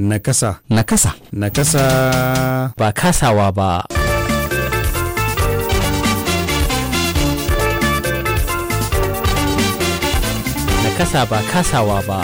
Nakasa. Nakasa. Nakasa. Ba kasawa ba. Nakasa ba kasawa ba.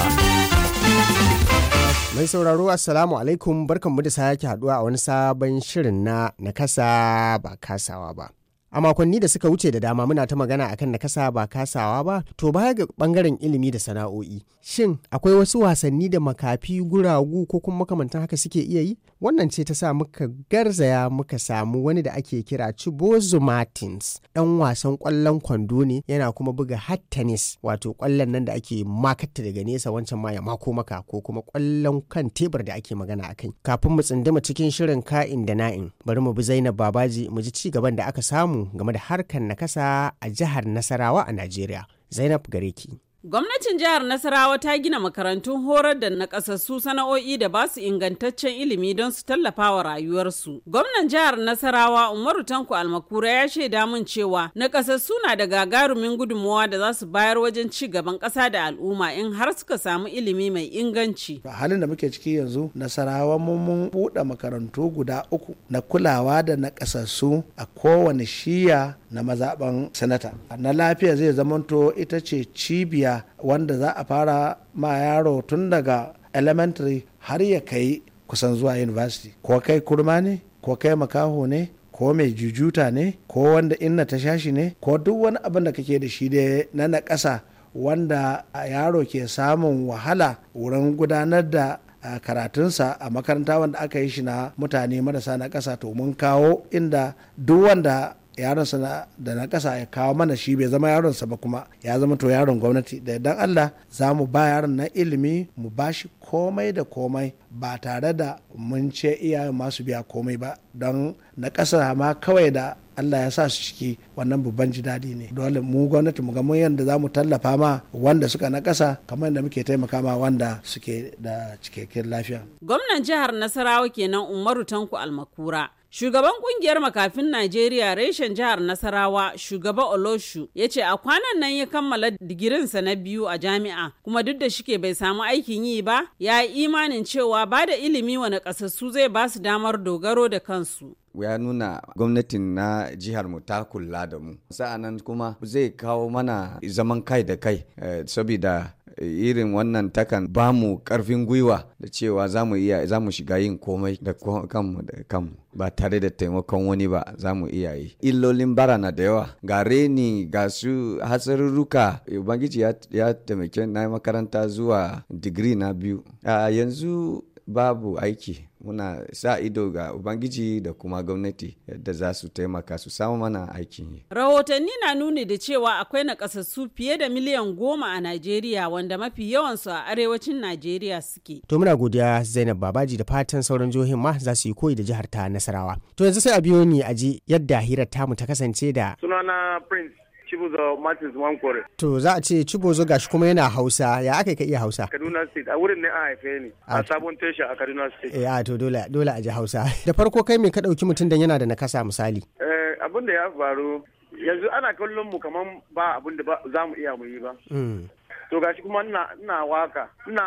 Mai sauraro Assalamu alaikum barkanmu da sake haduwa a wani sabon shirin na Nakasa ba kasawa ba. a makonni da suka wuce da dama muna ta magana akan nakasa ba kasawa ba to baya ga bangaren ilimi da sana'o'i shin akwai wasu wasanni da makafi guragu ko kuma makamantan haka suke iya yi wannan ce ta sa muka garzaya muka samu wani da ake kira Chibozu Martins dan wasan kwallon kwando ne yana kuma buga hat tennis wato kwallon nan da ake makatta daga nesa wancan ma ya mako maka ko kuma kwallon kan tebur da ake magana akai kafin mu tsindima cikin shirin ka'in da na'in bari mu bi Zainab Babaji mu ji ci gaban da aka samu game da harkar nakasa a jihar Nasarawa a Najeriya. Zainab Gareki. Gwamnatin jihar Nasarawa ta gina makarantun horar da nakasassu sana'o'i da ba su ingantaccen ilimi don su tallafa wa rayuwarsu. Gwamnan jihar Nasarawa Umaru Tanko Almakura ya shaida mun cewa nakasassu na da gagarumin gudunmawa da za su bayar wajen ci gaban ƙasa da al'umma in har suka samu ilimi mai inganci. A halin da muke ciki yanzu Nasarawa mun mun buɗe makarantu guda uku na kulawa da nakasassu a kowane shiya na mazaɓan sanata na lafiya zai zamanto ita ce cibiya wanda za a fara ma yaro tun daga elementary har ya kai kusan zuwa university ko kai kurma ne ko kai makaho ne ko mai jujuta ne ko wanda inna ta shashi ne ko duk wani abin da kake da shi da na na ƙasa wanda yaro ke samun wahala wurin gudanar da Uh, karatunsa a makaranta wanda aka yi shi na mutane marasa na ƙasa to mun kawo inda duk wanda yaronsa da na ƙasa ya kawo mana shi bai zama yaronsa ba kuma ya zama to yaron gwamnati da dan Allah za mu ba yaron na ilimi mu ba shi komai da komai ba tare da mun ce iyayen masu biya komai ba don na ƙasa ma kawai da Allah ya sa su ciki wannan babban ji daɗi ne dole mu gwamnati mu ga mun yadda za mu tallafa ma wanda suka na ƙasa kamar yadda muke taimaka ma wanda suke da cikakken lafiya. Gwamnan jihar Nasarawa kenan Umaru Tanko Almakura Shugaban kungiyar makafin Najeriya reshen jihar Nasarawa shugaba Oloshu ya ce a kwanan nan ya kammala digirinsa na biyu a jami'a kuma duk da shike bai samu aikin yi ba ya yi imanin cewa ba da ilimi wani kasassu zai ba su damar dogaro da kansu. ya nuna gwamnatin na jihar mu ta kula da mu sa'anan kuma zai kawo mana zaman kai da kai eh, saboda irin wannan takan ba mu karfin gwiwa da cewa za mu iya za mu shiga yin komai da kanmu da kanmu ba tare da taimakon wani ba za mu iya yi illolin bara na da yawa ga reni ga su hatsarurruka ubangiji ya taimake na makaranta zuwa digiri na biyu a yanzu babu aiki muna sa ido ga ubangiji da kuma gwamnati da za su taimaka su samu mana aikin yi. rahotanni na nuni da cewa akwai nakasassu fiye da miliyan goma a najeriya wanda mafi yawansu a arewacin najeriya suke to muna godiya zainab babaji da fatan sauran jihohin ma za su yi koyi da jihar ta nasarawa to yanzu sai a biyo ni a ji yadda hirar tamu ta kasance da sunana prince Chibuzo Martins Wankore. To za a ce Chibuzo gashi kuma yana Hausa ya aka ka iya Hausa. Kaduna State a wurin ne a haife ni a sabon tasha a Kaduna State. Eh to dole dole a ji Hausa. Da farko kai me ka dauki mutum dan yana da nakasa misali? Eh abin da ya faru yanzu ana kallon mu kaman ba abin da za mu iya mu yi ba. Mm. To gashi kuma ina waka ina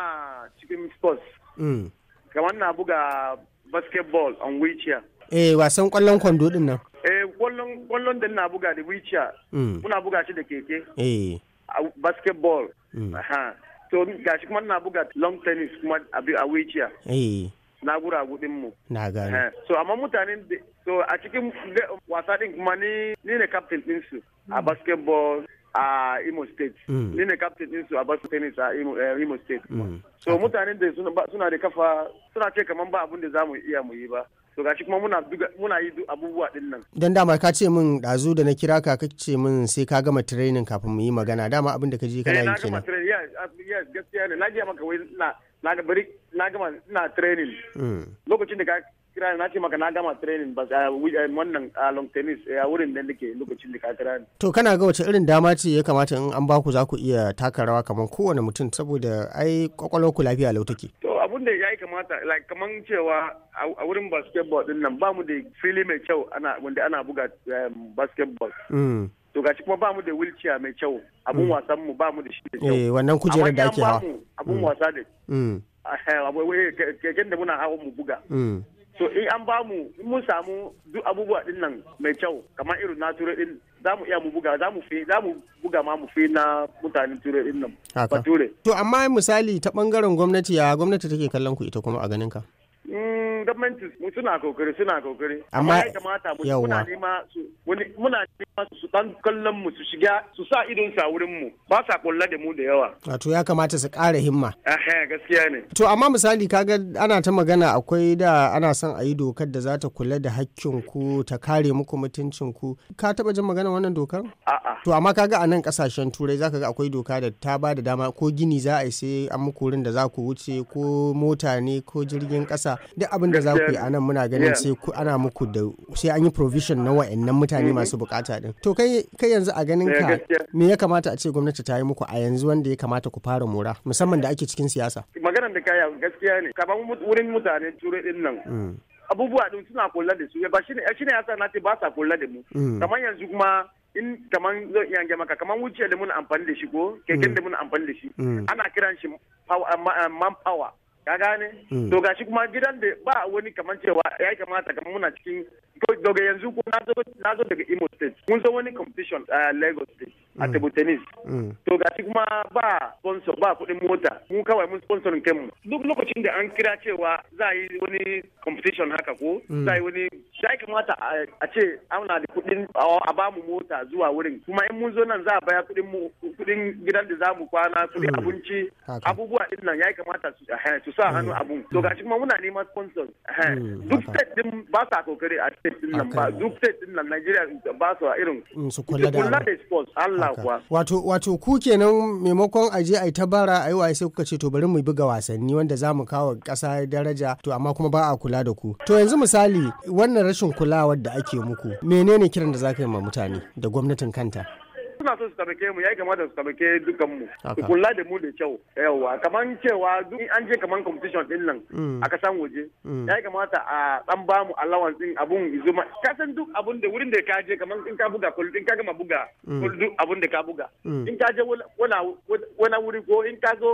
cikin sports. Mm. Kamar na buga basketball on wheelchair. Eh wasan kwallon kwando din nan. eh kwallon da na buga a wheelchair hmm. muna buga shi da keke eh. basketball hmm. aha to gashi kuma na buga long tenis kuma a wheelchair eh. na gura gudin mu na gane so amma mutanen so a cikin wasa din kuma ni ni ne captain din su a hmm. basketball a Imo steeti. Ni ne captain ɗinsu a Basu tenis a Imo eh, State. So mutanen da suna da kafa suna ce kamar mba abụ da za mu iya mu yi ba. to gashi kuma muna muna yi abubuwa din nan dan dama ka ce min dazu da na kira ka ka ce min sai ka gama training kafin mu yi magana dama abin da ka je kana eh, yi kenan eh na gama training uh, yes gaskiya ne na ji maka wai na na ga bari na gama ina training hmm. lokacin da ka kira na ce maka na gama training ba uh, uh, wannan long tennis a wurin da nake lokacin da ka kira to kana ga wace irin dama ce ya kamata in an baku za ku iya taka rawa kamar kowane mutum saboda ai kwakwalwar ku lafiya lautake to abin da ya yi kamata like kaman cewa a wurin basketball din nan bamu da fili mai kyau ana wanda ana buga um, basketball mm. to gashi kuma bamu da wheelchair mai kyau abun mm. wasan mu bamu da shi da kyau eh wannan kujerar da ake hawa abun mm. wasa da eh, eh keken da muna hawa mu buga so in an ba mu in mun samu duk abubuwa din nan mai kyau kamar irin na turai din za mu iya mu buga za mu za mu buga ma mu fi na mutanen turai din nan bature to amma misali ta ɓangaren gwamnati ya gwamnati take kallon ku ita kuma a ganin ka mm, gwamnati suna kokari suna kokari amma ya kamata mu muna nema su muna nema su dan kallon mu su shiga su sa idon sa wurin mu ba sa kulla da mu da yawa wato ya kamata su ƙara himma eh gaskiya ne to amma misali kaga ana ta magana akwai da ana son a yi dokar da za ta kula da hakkin ku ta kare muku mutuncin ku ka taba jin magana wannan dokar a'a to amma kaga a nan kasashen turai zaka ga akwai doka da ta ba da dama ko gini za a yi sai an muku da za ku wuce ko mota ne ko jirgin kasa duk abin abin da za ku yi a nan muna ganin sai ana muku da sai an yi provision na wa'annan mutane mhm. masu bukata din to kai kai yanzu a ganin eh, ka me ya kamata a ce gwamnati ta yi muku a yanzu wanda ya kamata ku fara mora musamman da ake cikin siyasa maganar da kaya gaskiya ne kamar wurin mutanen turai din nan mm. abubuwa din suna kula da su eh, ya ba shine shine yasa na ce ba sa kula da mu mm. kamar yanzu kuma in kamar zo iya maka kamar wuce da muna amfani da shi ko keken mm. da muna amfani da shi ana kiran shi man power ka gane mm. to gashi kuma gidan da ba wani kamar cewa ya kamata kamar muna cikin daga yanzu ko na zo daga Imo State mun zo wani competition a eh, Lagos State a mm. table tennis mm. to ga shi kuma ba sponsor ba kuɗin mota mu kawai mun sponsor sponsorin kanmu duk lokacin da an kira cewa za a yi wani competition haka ko mm. za a yi wani ya kamata a ce auna da kuɗin a ba mu mota zuwa wurin kuma in mun zo nan za a baya kuɗin gidan da za mu kwana kuɗin abinci abubuwa din nan ya kamata su eh, sa hannu abun to ga shi kuma muna neman sponsor eh, duk state din ba sa kokari a ce state din nan ba duk state Najeriya ba su a irin mm, su kula da wato wato ku kenan maimakon aje ai ta bara ai wai sai kuka ce to bari mu buga wasanni wanda za mu kawo ƙasa daraja to amma kuma ba a kula da ku to yanzu misali wannan rashin kulawar da ake muku menene kiran da za ka yi ma mutane da gwamnatin kanta suna so su tabbake mu ya kamata su tabbake dukan mu su kula da mu da kyau yawa kaman cewa duk an je kaman competition din nan mm. a kasan waje mm. ya kamata a dan ba mu allowance din abun izuma ka san duk abun da wurin da ka je kaman in ka buga in ka gama buga mm. duk abun da ka buga in ka je wani wuri ko in ka zo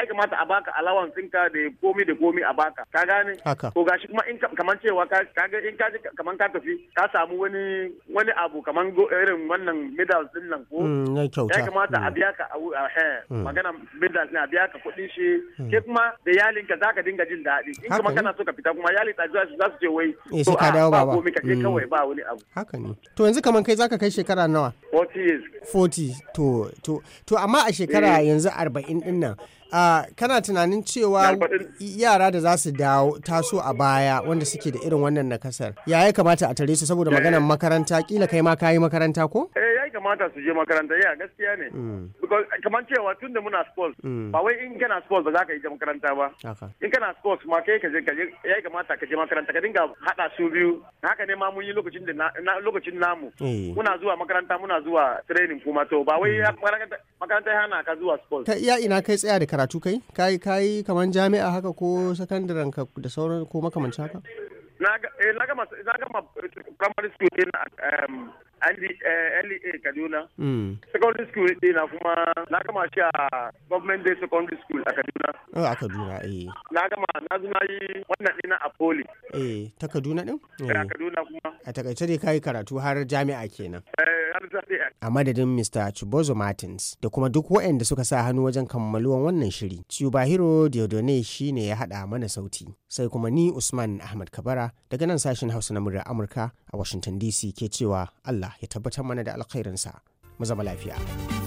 ya kamata a baka alawan sinka da komi da komi a baka ka gane ko gashi kuma in kaman cewa ka ga in ka kaman ka tafi ka samu wani wani abu kaman irin wannan medals din nan ko mm, ya kamata a mm. biya ka mm. magana medals na a biya ka kuɗin shi ke kuma da yalinka zaka dinga jin daɗi in kuma kana so ka fita kuma yali ta za su je wai eh, to a ba komi ka je kawai ba wani abu haka ne to yanzu kaman kai zaka kai shekara nawa 40 years 40 to to amma a shekara eh. yanzu arba'in din nan kana tunanin cewa yara da za su dawo taso a baya wanda suke da irin wannan nakasar ya ya kamata a tare su saboda eh. maganar makaranta kila kai ma kayi makaranta ko eh kamata su je makaranta ya gaskiya ne mm. kamar cewa tun da muna sports mm. ba wai in kana sports ba za ka yi makaranta ba in kana sports ma kai ka je ka ya kamata ka je makaranta ka dinga hada su biyu haka ne ma mun yi lokacin da lokacin namu eh. muna zuwa makaranta muna zuwa training kuma to ba wai mm. makaranta ya hana ka zuwa sports iya ina kai tsaya da karatu kai kai kai kamar jami'a haka ko sakandaren ka da sauran ko makamancin haka na eh, ma eh, primary school din LEA eh, Kaduna. Mm. Secondary school din kuma na gama shi a government day secondary school a Kaduna. Oh, a Kaduna eh. Na gama na zo na yi wannan din a Poli. Eh ta Kaduna din? A Kaduna kuma. A takaice dai kai karatu har jami'a kenan. Eh A madadin Mr. Chibozo Martins da kuma duk waɗanda suka sa hannu wajen kammaluwan wannan shiri. Chubahiro Diodone shi ne ya haɗa mana sauti. Sai kuma ni Usman Ahmad Kabara daga nan sashen Hausa na muryar Amurka a Washington DC ke cewa Allah ya tabbatar mana da alkhairinsa. Mu zama lafiya.